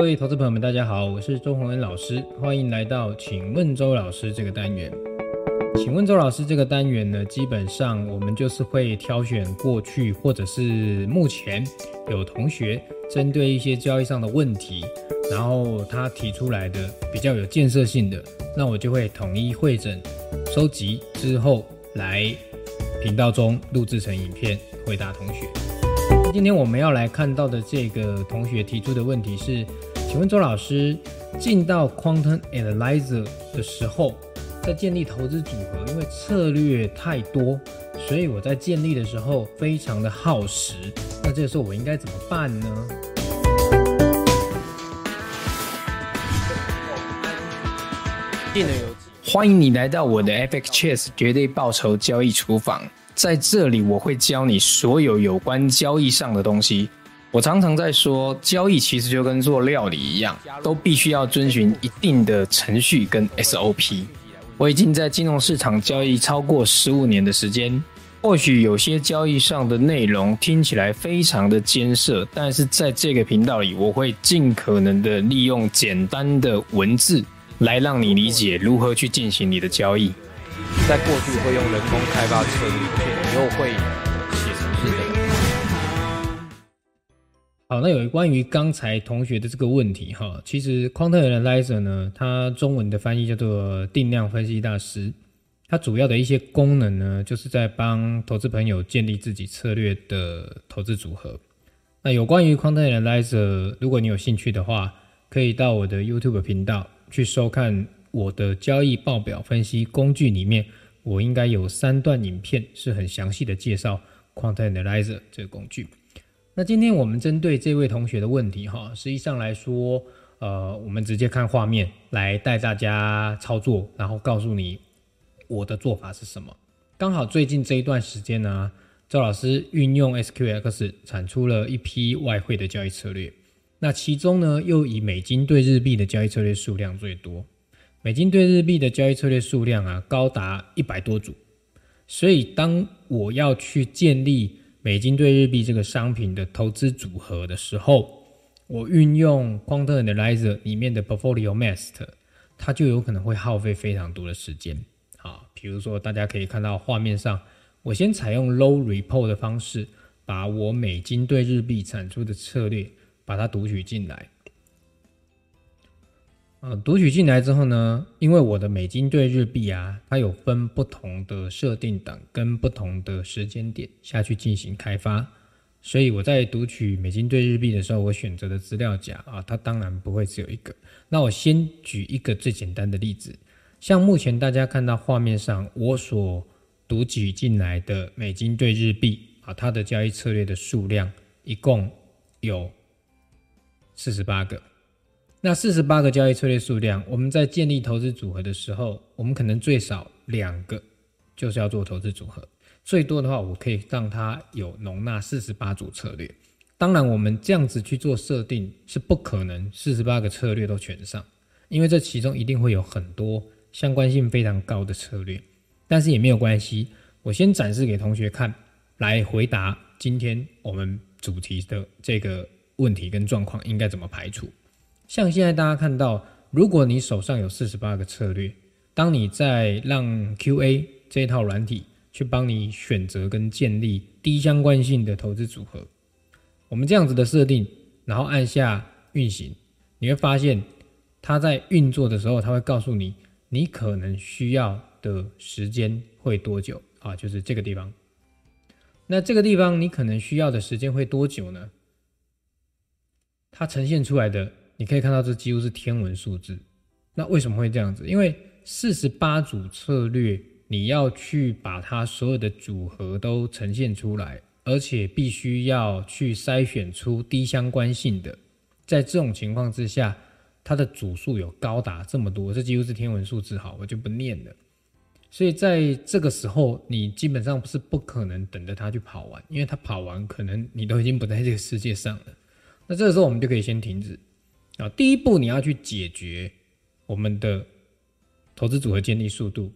各位投資朋友們，大家好，我是周鴻恩老師，歡迎來到“請問周老師”這個單元。“請問周老師”這個單元呢，基本上我們就是會挑選過去或者是目前有同學針對一些交易上的問題，然後他提出來的比較有建設性的，那我就會統一彙整、收集之後來頻道中錄製成影片回答同學。今天我們要來看到的這個同學提出的問題是。請問周老師，進到 QuantAnalyzer 的時候，在建立投資組合，因為策略太多，所以我在建立的時候非常的耗時。那這個時候我應該怎麼辦呢？歡迎你來到我的 FX Chess 絕對報酬交易廚房，在這裡我會教你所有有關交易上的東西。我常常在說，交易其實就跟做料理一樣，都必須要遵循一定的程序跟 SOP。我已經在金融市場交易超過十五年的時間，或許有些交易上的內容聽起來非常的艱澀，但是在這個頻道裡，我會盡可能的利用簡單的文字來讓你理解如何去進行你的交易。在過去會用人工開發策略，你又會。好，那有關於剛才同學的這個問題，哈，其實 QuantAnalyzer 呢，它中文的翻譯叫做定量分析大師。它主要的一些功能呢，就是在幫投資朋友建立自己策略的投資組合。那有關於 QuantAnalyzer，如果你有興趣的話，可以到我的 YouTube 頻道去收看我的交易報表分析工具裡面，我應該有三段影片是很詳細的介紹 QuantAnalyzer 這個工具。那今天我們針對這位同學的問題，哈，實際上來說，呃，我們直接看畫面來帶大家操作，然後告訴你我的做法是什麼。剛好最近這一段時間呢、啊，周老師運用 S Q X 產出了一批外匯的交易策略，那其中呢又以美金對日幣的交易策略數量最多，美金對日幣的交易策略數量啊高達一百多組，所以當我要去建立，美金對日幣這個商品的投資組合的時候，我運用 QuantAnalyzer 裡面的 Portfolio Master，它就有可能會耗費非常多的時間。好，比如說大家可以看到畫面上，我先採用 Low Report 的方式，把我美金對日幣產出的策略，把它讀取進來。呃，讀取進來之後呢，因為我的美金兌日幣啊，它有分不同的設定檔跟不同的時間點下去進行開發，所以我在讀取美金兌日幣的時候，我選擇的資料夾啊，它當然不會只有一個。那我先舉一個最簡單的例子，像目前大家看到畫面上我所讀取進來的美金兌日幣啊，它的交易策略的數量一共有四十八個。那四十八個交易策略數量，我們在建立投資組合的時候，我們可能最少兩個，就是要做投資組合。最多的話，我可以讓它有容納四十八組策略。當然，我們這樣子去做設定是不可能四十八個策略都全上，因為這其中一定會有很多相關性非常高的策略。但是也沒有關係，我先展示給同學看，來回答今天我們主題的這個問題跟狀況應該怎麼排除。像現在大家看到，如果你手上有四十八個策略，當你在讓 QA 這一套軟體去幫你選擇跟建立低相關性的投資組合，我們這樣子的設定，然後按下運行，你會發現它在運作的時候，它會告訴你，你可能需要的時間會多久啊？就是這個地方。那這個地方你可能需要的時間會多久呢？它呈現出來的。你可以看到，這幾乎是天文數字。那為什麼會這樣子？因為四十八組策略，你要去把它所有的組合都呈現出來，而且必須要去篩選出低相關性的。在這種情況之下，它的組數有高達這麼多，這幾乎是天文數字。好，我就不念了。所以在這個時候，你基本上是不可能等着它去跑完，因為它跑完，可能你都已經不在這個世界上了。那這個時候，我們就可以先停止。啊，第一步你要去解決我們的投資組合建立速度，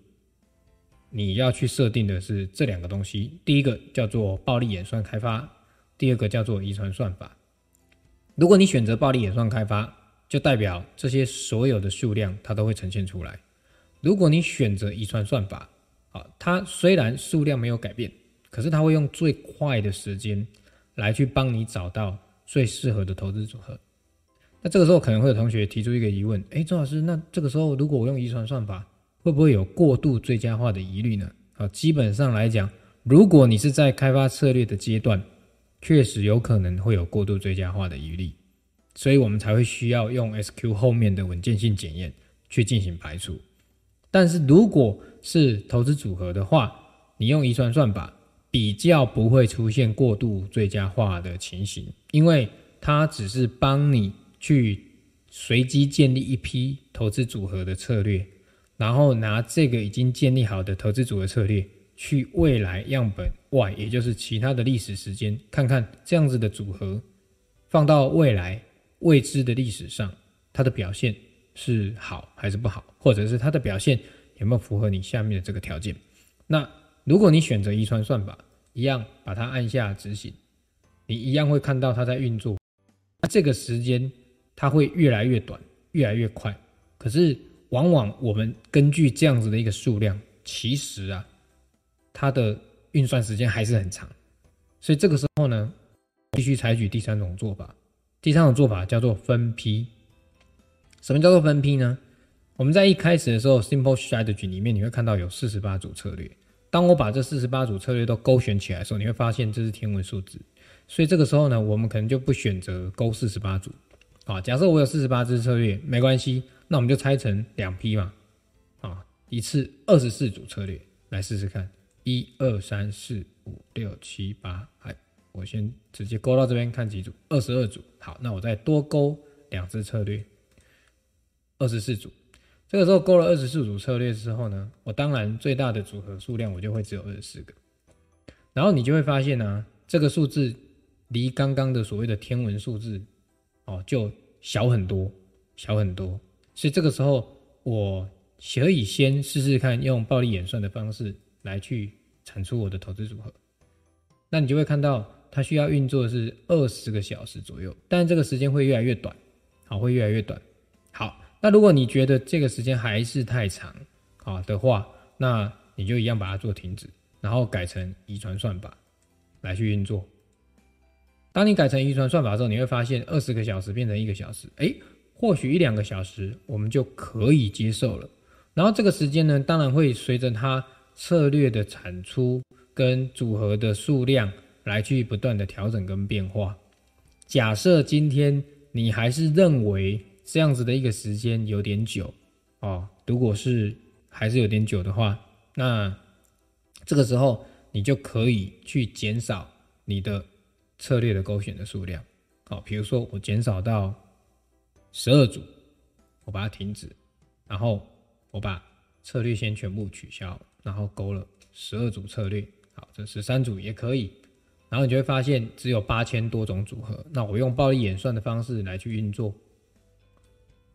你要去設定的是這兩個東西。第一個叫做暴力演算開發，第二個叫做遺傳算法。如果你選擇暴力演算開發，就代表這些所有的數量它都會呈現出來。如果你選擇遺傳算法，啊，它雖然數量沒有改變，可是它會用最快的時間來去幫你找到最適合的投資組合。那這個時候可能會有同學提出一個疑問，誒，周老師，那這個時候如果我用遺傳算法，會不會有過度最佳化的疑慮呢？啊，基本上來講，如果你是在開發策略的階段，確實有可能會有過度最佳化的疑慮，所以我們才會需要用 SQ 後面的穩健性檢驗去進行排除。但是如果是投資組合的話，你用遺傳算法比較不會出現過度最佳化的情形，因為它只是幫你。去隨機建立一批投資組合的策略，然後拿這個已經建立好的投資組合策略，去未來樣本外，也就是其他的歷史時間，看看這樣子的組合放到未來未知的歷史上，它的表現是好還是不好，或者是它的表現有沒有符合你下面的這個條件。那如果你選擇遺傳算法，一樣把它按下執行，你一樣會看到它在運作。那這個時間。它會越來越短，越來越快。可是，往往我們根據這樣子的一個數量，其實啊，它的運算時間還是很長。所以這個時候呢，必須採取第三種做法。第三種做法叫做分批。什麼叫做分批呢？我們在一開始的時候，simple strategy 裡面你會看到有四十八組策略。當我把這四十八組策略都勾選起來的時候，你會發現這是天文數字。所以這個時候呢，我們可能就不選擇勾四十八組。好，假設我有四十八支策略，沒關係，那我們就拆成兩批嘛。啊，一次二十四組策略來試試看，一二三四五六七八，哎，我先直接勾到這邊看幾組，二十二組。好，那我再多勾兩支策略，二十四組。這個時候勾了二十四組策略之後呢，我當然最大的組合數量我就會只有二十四個，然後你就會發現呢，啊，這個數字離剛剛的所謂的天文數字。哦，就小很多，小很多，所以這個時候我可以先試試看用暴力演算的方式來去產出我的投資組合，那你就會看到它需要運作是二十個小時左右，但這個時間會越來越短，好，會越來越短。好，那如果你覺得這個時間還是太長啊的話，那你就一樣把它做停止，然後改成遺傳算法來去運作。當你改成遺傳算，算法的時候，你會發現二十個小時變成一個小時，誒，或許一兩個小時我們就可以接受了。然後這個時間呢，當然會隨着它策略的產出跟組合的數量來去不斷的調整跟變化。假設今天你還是認為這樣子的一個時間有點久哦，如果是還是有點久的話，那這個時候你就可以去減少你的。策略的勾選的數量，好，比如說我減少到十二組，我把它停止，然後我把策略先全部取消，然後勾了十二組策略，好，這十三組也可以，然後你就會發現只有八千多種組合。那我用暴力演算的方式來去運作，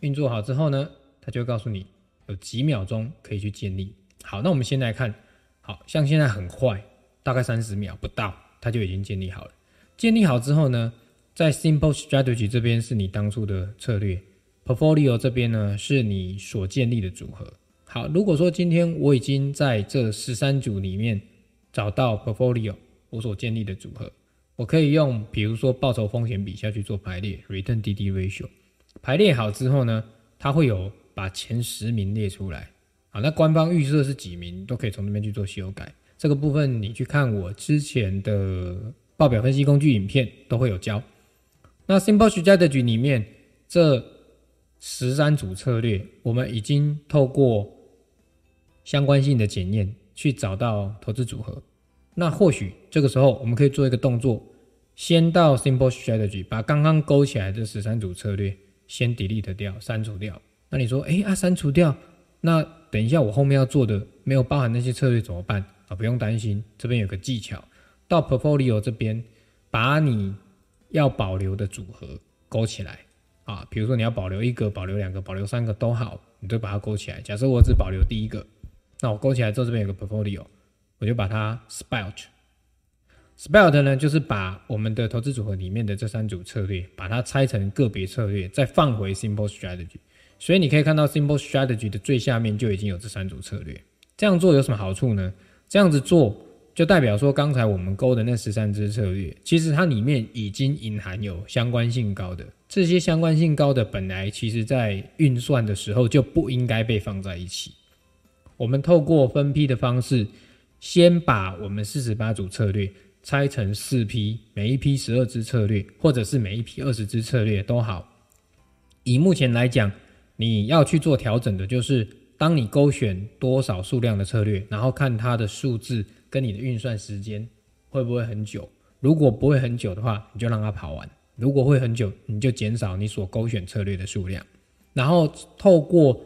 運作好之後呢，它就會告訴你有幾秒鐘可以去建立。好，那我們先來看好，好像現在很快，大概三十秒不到，它就已經建立好了。建立好之後呢，在 Simple Strategy 這邊是你當初的策略，Portfolio 這邊呢是你所建立的組合。好，如果說今天我已經在這十三組裡面找到 Portfolio 我所建立的組合，我可以用比如說報酬風險比下去做排列，Return DD Ratio 排列好之後呢，它會有把前十名列出來。好，那官方預設是幾名都可以從那邊去做修改。這個部分你去看我之前的。報表分析工具影片都會有教。那 Simple Strategy 裡面這十三組策略，我們已經透過相關性的檢驗去找到投資組合。那或許這個時候我們可以做一個動作，先到 Simple Strategy 把剛剛勾起來的十三組策略先 Delete 掉，刪除掉。那你說，哎、欸、啊，刪除掉，那等一下我後面要做的沒有包含那些策略怎麼辦啊？不用擔心，這邊有個技巧。到 portfolio 這邊，把你要保留的組合勾起來啊，比如說你要保留一個、保留兩個、保留三個都好，你就把它勾起來。假設我只保留第一個，那我勾起來之後，這邊有個 portfolio，我就把它 split，split 呢，就是把我們的投資組合裡面的這三組策略，把它拆成個別策略，再放回 simple strategy。所以你可以看到 simple strategy 的最下面就已經有這三組策略。這樣做有什麼好處呢？這樣子做，就代表說，剛才我們勾的那十三支策略，其實它裡面已經隱含有相關性高的，這些相關性高的，本來其實在運算的時候就不應該被放在一起。我們透過分批的方式，先把我們四十八組策略拆成四批，每一批十二支策略，或者是每一批二十支策略都好。以目前來講，你要去做調整的就是，當你勾選多少數量的策略，然後看它的數字，跟你的運算時間會不會很久？如果不會很久的話，你就讓它跑完；如果會很久，你就減少你所勾選策略的數量，然後透過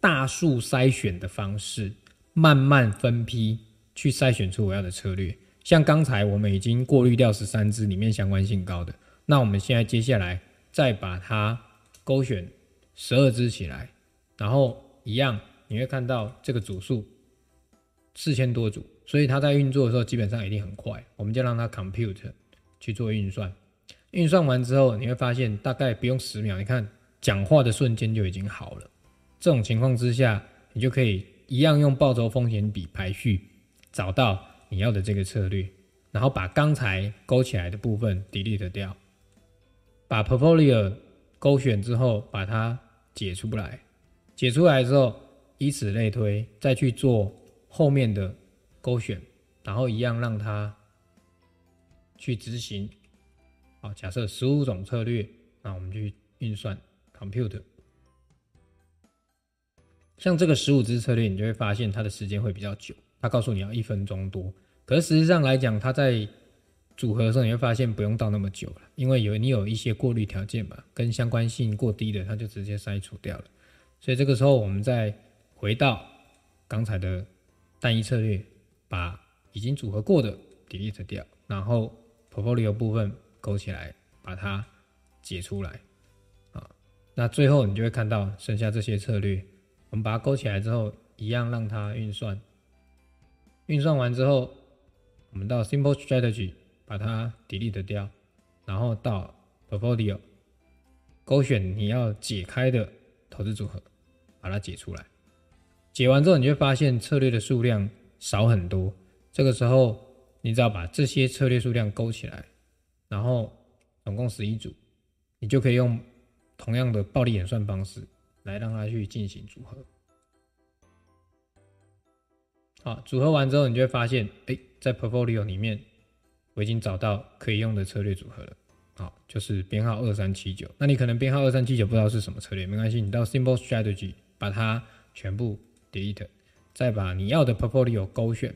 大數篩選的方式，慢慢分批去篩選出我要的策略。像剛才我們已經過濾掉十三支裡面相關性高的，那我們現在接下來再把它勾選十二支起來，然後一樣你會看到這個組數四千多組。所以它在運作的時候，基本上一定很快。我們就讓它 compute 去做運算，運算完之後，你會發現大概不用十秒。你看講話的瞬間就已經好了。這種情況之下，你就可以一樣用報酬風險比排序找到你要的這個策略，然後把剛才勾起來的部分 delete 掉，把 portfolio 勾選之後把它解出來，解出來之後，以此類推，再去做後面的。勾選，然後一樣讓它去執行。好，假設十五種策略，那我們去運算 computer。像這個十五支策略，你就會發現它的時間會比較久。它告訴你要一分鐘多，可實際上來講，它在組合的時候，你會發現不用到那麼久了，因為有你有一些過濾條件吧，跟相關性過低的，它就直接篩除掉了。所以這個時候，我們再回到剛才的單一策略。把已經組合過的 delete 掉，然後 portfolio 部分勾起來，把它解出來啊。那最後你就會看到剩下這些策略，我們把它勾起來之後，一樣讓它運算。運算完之後，我們到 simple strategy 把它 delete 掉，然後到 portfolio 勾選你要解開的投資組合，把它解出來。解完之後，你就會發現策略的數量，少很多，這個時候你只要把這些策略數量勾起來，然後總共十一組，你就可以用同樣的暴力演算方式來讓它去進行組合。好，組合完之後，你就會發現，哎、欸，在 portfolio 裡面我已經找到可以用的策略組合了，好，就是編號二三七九。那你可能編號二三七九不知道是什麼策略，沒關係，你到 simple strategy 把它全部 delete。再把你要的 portfolio 勾選，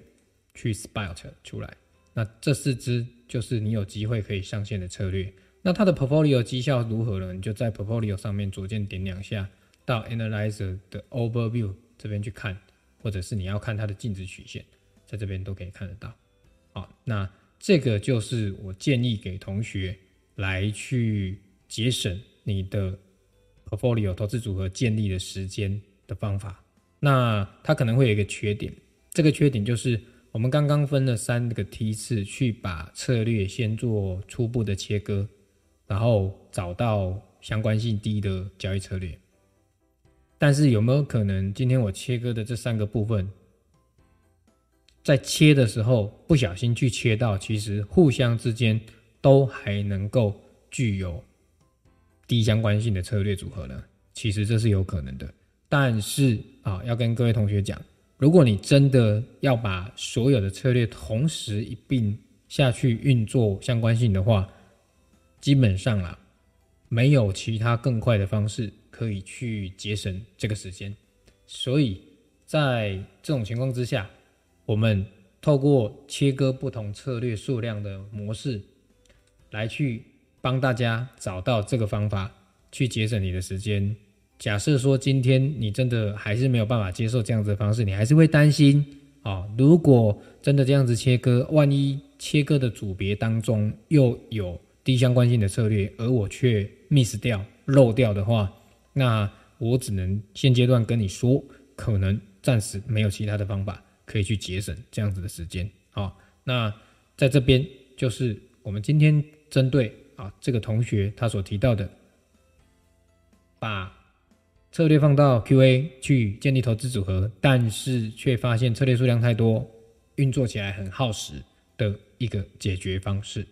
去 split 出來，那這四支就是你有機會可以上線的策略。那它的 portfolio 績效如何呢？你就在 portfolio 上面左鍵點兩下，到 analyzer 的 overview 這邊去看，或者是你要看它的淨值曲線，在這邊都可以看得到。好，那這個就是我建議給同學來去節省你的 portfolio 投資組合建立的時間的方法。那它可能會有一個缺點，這個缺點就是我們剛剛分了三個梯次去把策略先做初步的切割，然後找到相關性低的交易策略。但是有沒有可能，今天我切割的這三個部分，在切的時候不小心去切到，其實互相之間都還能夠具有低相關性的策略組合呢？其實這是有可能的。但是啊，要跟各位同學講，如果你真的要把所有的策略同時一併下去運作相關性的話，基本上啊，沒有其他更快的方式可以去節省這個時間。所以在這種情況之下，我們透過切割不同策略數量的模式，來去幫大家找到這個方法，去節省你的時間。假設說今天你真的還是沒有辦法接受這樣子的方式，你還是會擔心啊、哦，如果真的這樣子切割，萬一切割的組別當中又有低相關性的策略，而我卻 miss 掉漏掉的話，那我只能現階段跟你說，可能暫時沒有其他的方法可以去節省這樣子的時間啊、哦。那在這邊就是我們今天針對啊這個同學他所提到的，把。策略放到 QA 去建立投資組合，但是卻發現策略數量太多，運作起來很耗時的一個解決方式。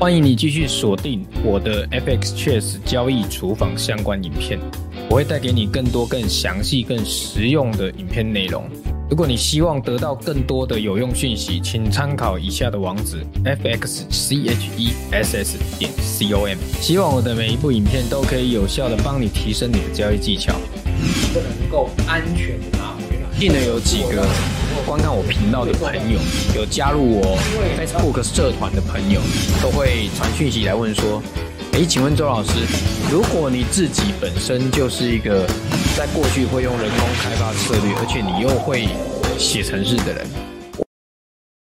歡迎你繼續鎖定我的 FX Chess 交易廚房相關影片。我會帶給你更多、更詳細、更實用的影片內容。如果你希望得到更多的有用訊息，請參考以下的網址：fxchess 點 com。希望我的每一部影片都可以有效的幫你提升你的交易技巧。一定能夠安全拿回來。一定能有幾個觀看我頻道的朋友，有加入我 Facebook 社團的朋友，都會傳訊息來問說。誒，請問周老師，如果你自己本身就是一個在過去會用人工開發策略，而且你又會寫程式的人。